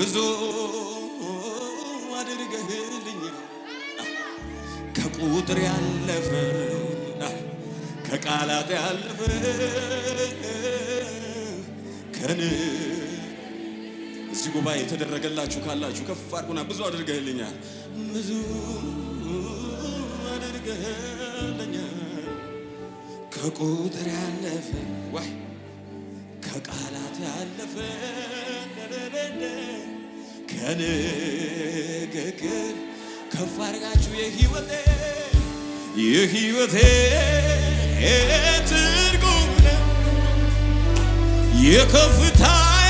ብዙ አድርገህልኛል ከቁጥር ያለፈ ከቃላት ያለፈ ከን እዚህ ጉባኤ የተደረገላችሁ ካላችሁ ከፍ አድርጉና ብዙ አድርገህልኛል ብዙ አድርገህልኛል ከቁጥር ያለፈ ወይ ከቃላት ያለፈ ከንግግር ከፍ አድርጋችሁ የህይወቴ የህይወቴ ትርጉም የከፍታዬ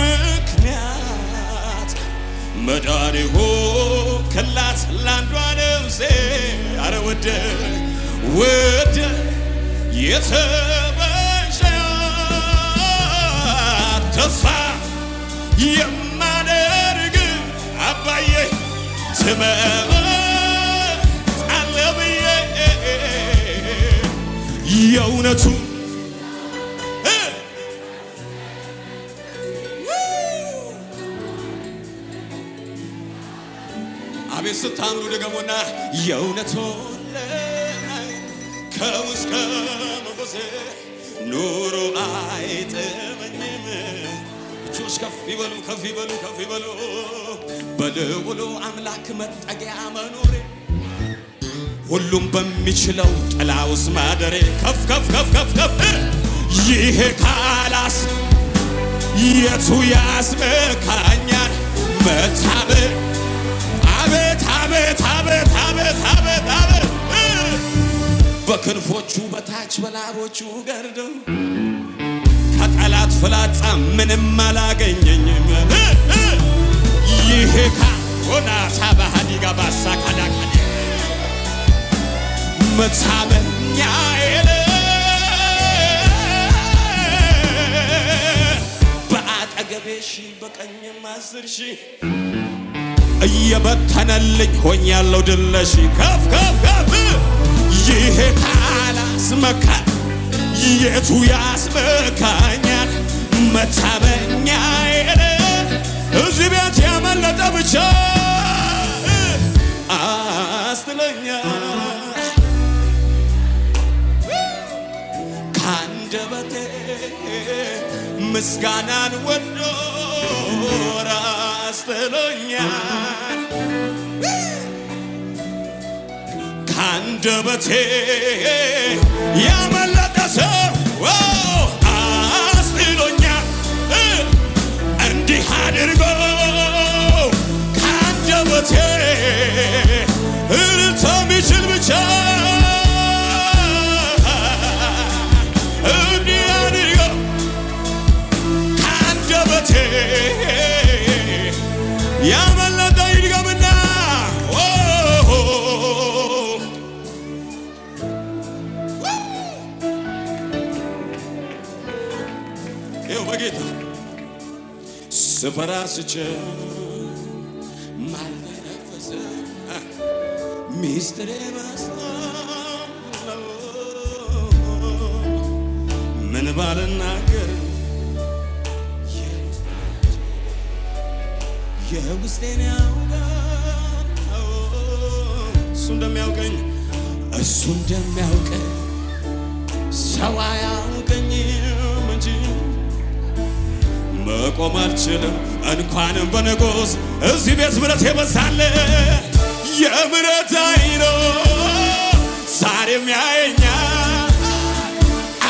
ምክንያት መዳኔ ሆንክላት ላንዷ ነፍሴ አረ ወደ ወደ የተ የማደርግ አባዬ ትመጣለህ ብዬ የእውነቱ አቤት ስታምሩ ደገሞና የእውነቱ ከውስጥ ከመጎሴ ኑሮ አይጥመኝም እጆች ከፍ ይበሉ፣ ከፍ ይበሉ፣ ከፍ ይበሉ። በልዑሉ አምላክ መጠጊያ መኖሬ ሁሉም በሚችለው ጥላ ውስጥ ማደሬ ከፍ ከፍ ከፍ ከፍ ከፍ ይሄ ካላስ የቱ ያስመካኛል መታበ አቤት አቤት አቤት አቤት አቤት አቤት በክንፎቹ በታች በላቦቹ ገርደው ፍላጻ ምንም አላገኘኝም። ይሄ ካሆና ሳባሃዲ ጋባሳ በአጠገቤ ሺህ በቀኝም አስር እየበተነልኝ ሆኛለሁ ድለሺ ከፍ ከፍ ከፍ ይሄ የቱ ያስመካኛ መታመኛ የለ እዚህ ቤት ያመለጠ ብቻ አስትለኛ ካንደበቴ ምስጋናን ወዶ ካንደበቴ ያመለ 일고 간접어제 흐른 섬이 질문쳐 은리 아니고 간접어제 야만 ስፈራ ስችል ማልተነፈሰ ሚስጥሬ በስቶ ምን ባልናገር የውስጤን ያውቃል እሱ እንደሚያውቀኝ እሱ እንደሚያውቀኝ ሰው አያው መቆም አልችልም። እንኳንም እዚህ ቤት ምረት የበዛለ የምረት አይኖ ዛሬም ያየኛ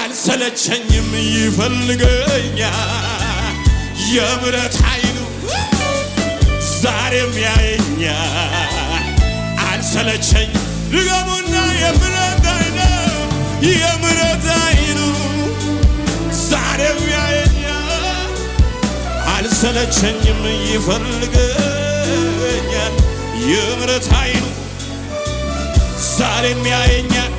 አልሰለቸኝም፣ ይፈልገኛ የምረት ዛሬም ያየኛ አልሰለቸኝ ድገሙና የምረት የምረት ዛሬም ያየ አይሰለቸኝም ይፈልገኛል የምሕረት ኃይሉ ዛሬም ያየኛል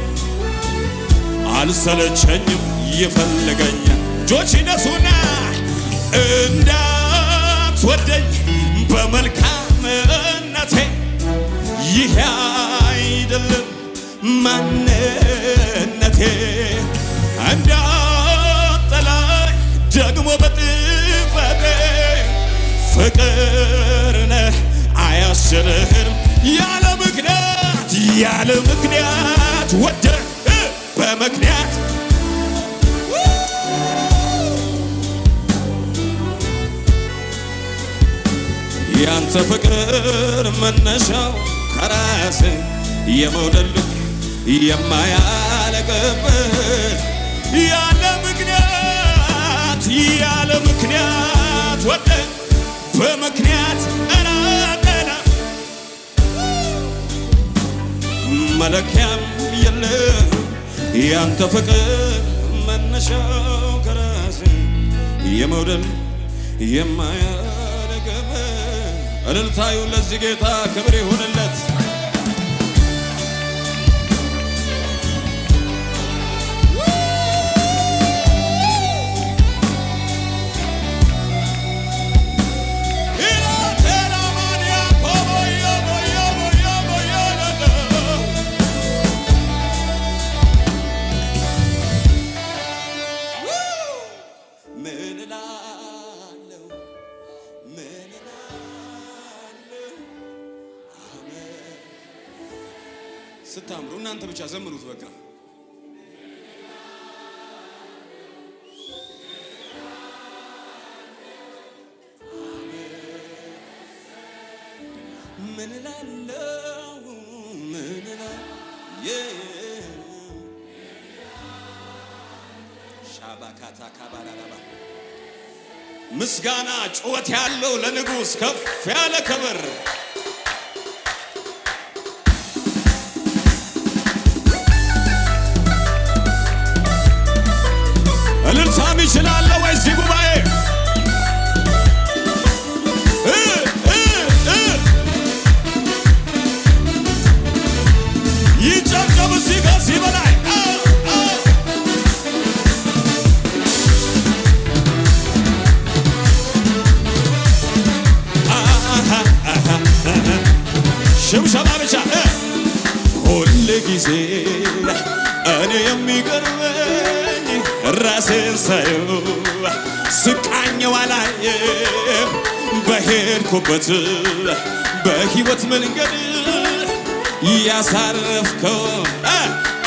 አልሰለቸኝም ይፈልገኛል እጆች ይነሱና እንዳትወደኝ በመልካምነቴ ይህ አይደለም ማንነቴ እንዳጠላይ ደግሞ በጥ ፍቅር ነህ አያስችልህም ያለ ምክንያት ያለ ምክንያት ወደ በምክንያት ያንተ ፍቅር መነሻው ከራስ የመውደሉ የማያለቅም ያለ ምክንያት ያለ ምክንያት ወደ በምክንያት እራቀና መለኪያም የለ ያንተ ፍቅር መነሻው ከራሴ የመውደድ የማያደገበ እልልታዩ ለዚህ ጌታ ክብር ይሁንለት። ምን ላለው ምን ሻባካታ ካባራራባ ምስጋና ጩኸት ያለው ለንጉሥ ከፍ ያለ ክብር ጊዜ እኔ የሚገርመኝ ራሴን ሳየው ስቃኘው አላየም በሄድኩበት በህይወት መንገድ ያሳረፍከው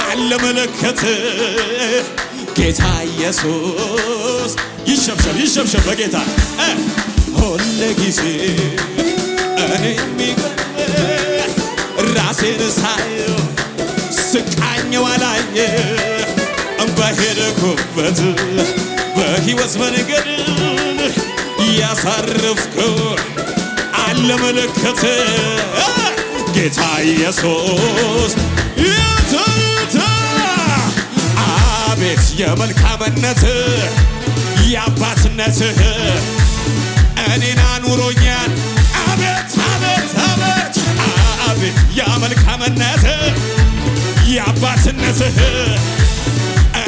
አለመለከት ጌታ ኢየሱስ ይሸብሸብ ይሸብሸብ በጌታ ሁል ጊዜ እኔ የሚገርመኝ ራሴን ሳየው ዋላየ እንኳ ሄደኩበት በሕይወት መንገድ እያሳረፍከው አለ ጌታ ኢየሱስ የትንታ አቤት የመልካምነት የአባትነትህ እኔን አኑሮኛል አቤት አቤት አቤት አቤት የመልካምነት የአባትነትህ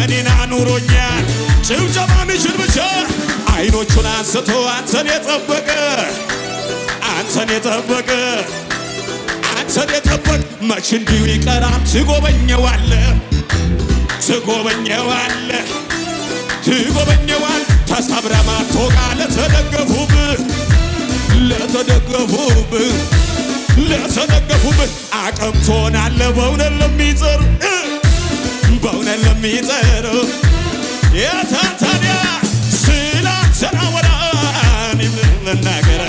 እኔን አኑሮኛል። ጭብጨባ ሚችል ብቻ አይኖቹን አንስቶ አንተን የጠበቀ አንተን የጠበቀ አንተን የጠበቅ መች እንዲሁ ይቀራል። ትጎበኘዋለ ትጎበኘዋለ ትጎበኘዋል ተሰብረማ ቶቃ ለተደገፉብ ለተደገፉብ ለተነገፉብህ አቅምቶናለ በእውነት ለሚጥር በእውነት ለሚጥር የታታዲያ ስላተናወራን ልናገረ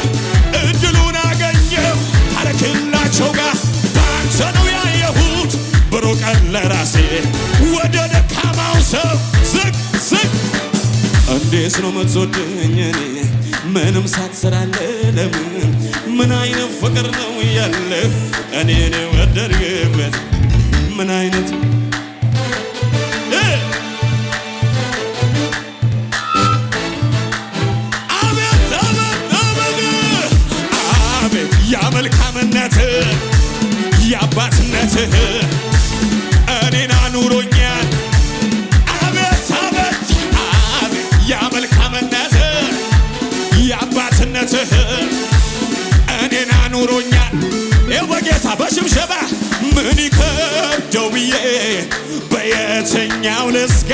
እድሉን አገኘው አረክላቸው ጋር በአንተ ነው ያየሁት ብሩቀን ለራሴ ወደ ደካማው ሰው ዝቅ ዝቅ እንዴት ነው ምትወደኝ እኔ ምንም ሳትሰራለ ለምን ምን አይነት ፍቅር ነው ያለ እኔን ወደድክበት ምን አይነት ያ መልካምነትህ የአባትነትህ ሽብሸባ ምን ይከብደው ብዬ በየትኛው ልስጋ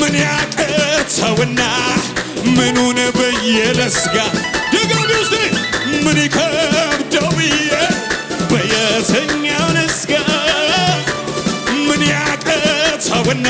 ምን ያቅተውና ምኑን ብዬ ልስጋ ምን ይከብደው ብዬ በየትኛው ልስጋ ምን ያቅተውና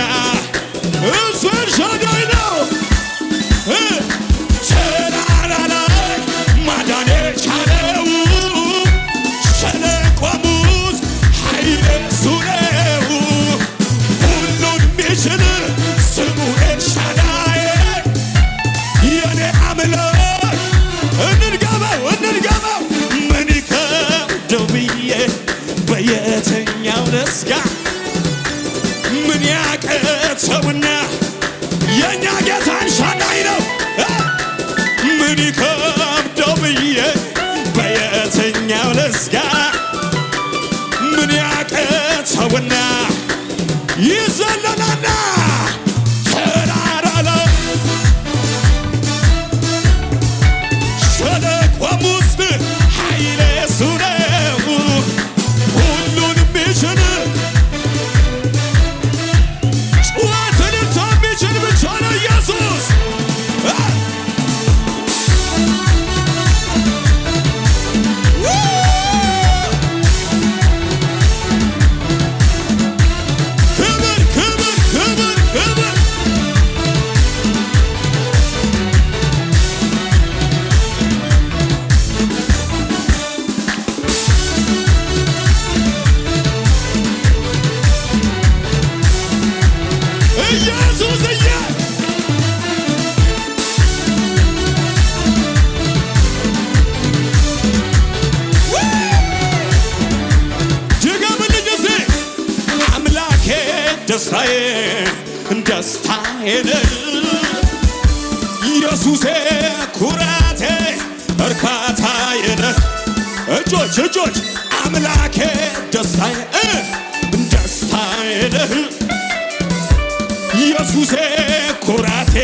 ደስታዬ ደስታዬ ኢየሱሴ ኩራቴ እርካታዬ እጆች እጆች አምላኬ ደስታዬ ደስታዬ ኢየሱሴ ኩራቴ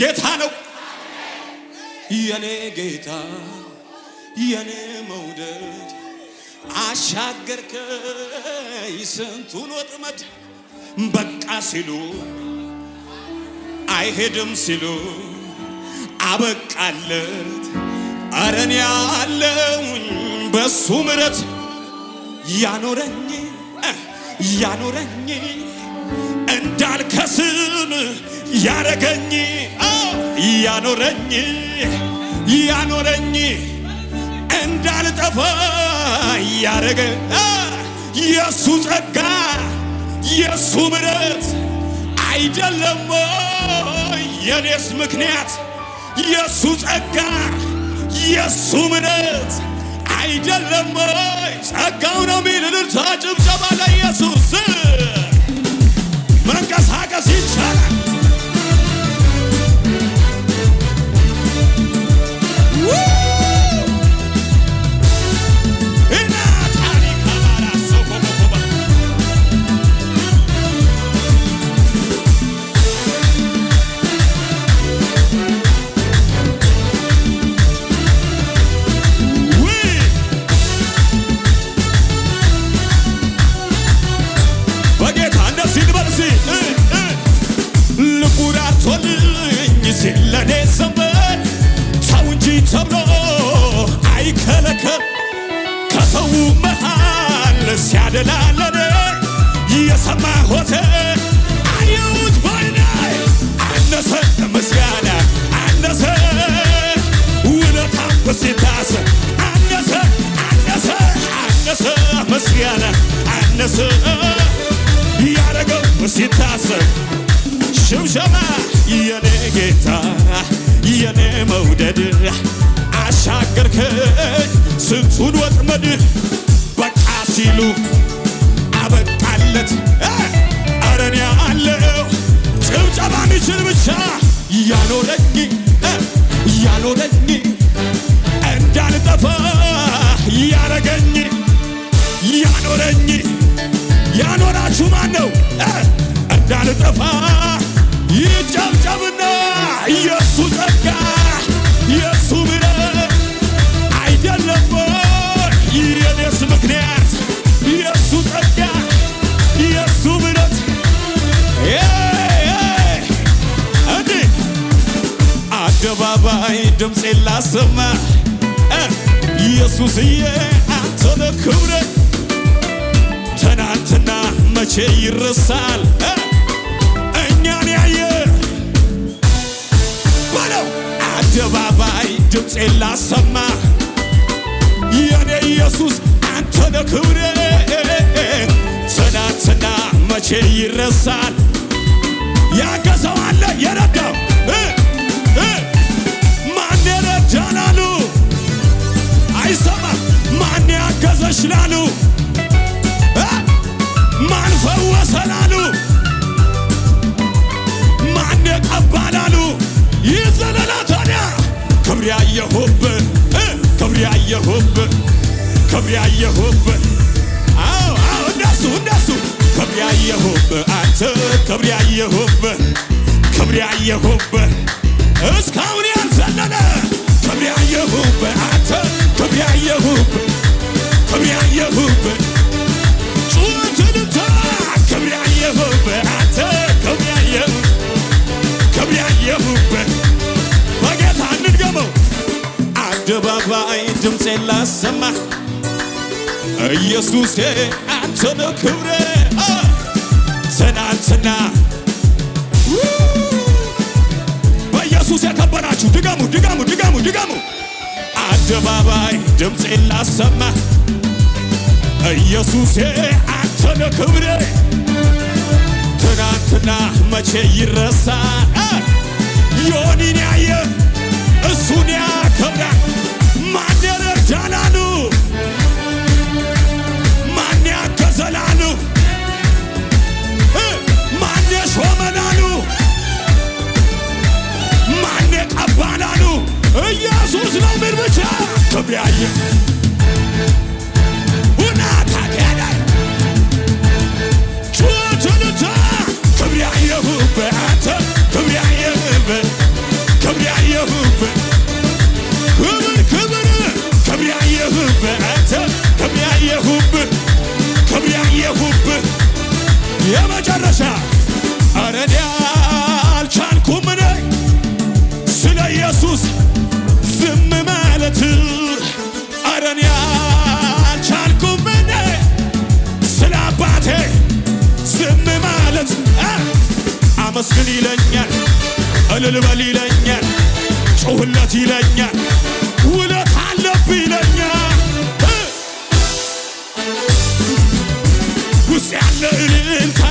ጌታ ነው። የኔ ጌታ የኔ መውደድ አሻገርከኝ ስንቱን ወጥመድ በቃ ሲሉ አይሄድም ሲሉ አበቃለት። አረን ያለውኝ በሱ ምረት ያኖረኝ ያኖረኝ እንዳልከስም ያረገኝ ያኖረኝ ያኖረኝ እንዳልጠፋ ያረገ የእሱ ጸጋ የእሱ ምረት አይደለም የኔስ ምክንያት የእሱ ጸጋ የእሱ ምረት አይደለም ጸጋው ነው የሚል እልልታ ጭብጨባ ለኢየሱስ መንቀሳቀስ ይቻላል። ምስጋና አነሰ ያረገው ሲታሰብ ሽምሸማ የኔ ጌታ የኔ መውደድ አሻገርከኝ ስንቱን ወጥመድ በቃ ሲሉ አበቃለት። አረን ያለው ጭብጨባ ሚችል ብቻ ያኖረኝ ያኖረኝ እንዳልጠፋ ያረገኝ ያኖረኝ ያኖራችሁ ማን ነው? እንዳልጠፋ ይጨብጨብና የእሱ ጸጋ የእሱ ምረት አይደለም የኔስ ምክንያት የእሱ ጸጋ የእሱ ምረት እንዲህ አደባባይ ድምፄ ላሰማ ኢየሱስዬ አንተነ ክብረ ይረሳል። እኛን ያየ በለው አደባባይ ድምፄን ላሰማ የኔ ኢየሱስ ክብሬ ትናንትና መቼ ይረሳል። ያገዘዋለ የረዳው ማን የረዳላሉ አይሰማ ማን አየሁብ ክብር አየሁብ ክብር አየሁብ አዎ አዎ እንደሱ እንደሱ ክብር አየሁብ አንተ ክብር አየሁብ ክብር አየሁብ እስካሁን ያልዘለለ ክብር አየሁብ አንተ ክብር አየሁብ ድምፄን ላሰማ ኢየሱሴ አንተ ነው ክብሬ ትናንትና በኢየሱስ የከበራችሁ ድገሙ ድገሙ ድገሙ ድገሙ አደባባይ ድምፄን ላሰማ ኢየሱሴ አንተ ነው ክብሬ ትናንትና መቼ ይረሳ ዮኒን ያየ እሱን ያከብራል ማን ረዳላሉ? ማን ያገዘላሉ? ማን ክብር ያየሁብህ አንተ ክብር ያየሁብህ የመጨረሻ ኧረ እኔ አልቻልኩም እኔ ስለ ኢየሱስ ዝም ማለት ኧረ እኔ አልቻልኩም እኔ ስለ አባቴ ዝም ማለት አመስግን ይለኛል እልል በል ይለኛል ጩህለት ይለኛል ልብ ይለኛ ውስጥ ያለ እልልታ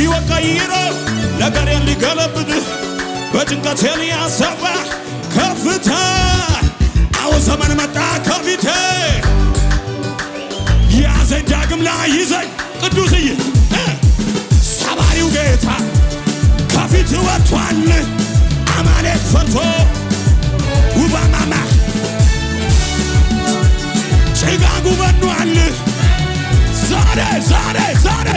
ሕይወት ቀይሮ ነገሬን ሊገለብጥ በጭንቀት ሊያሰፋ ከፍታ አዎ ዘመን መጣ ከፊቴ ያዘኝ ዳግም ላይ ይዘኝ ቅዱስዬ ሰባሪው ጌታ ከፊት ወጥቷል አማሌት ፈርቶ ውባማማ ጭጋጉ በኗል ዛሬ ዛሬ ዛሬ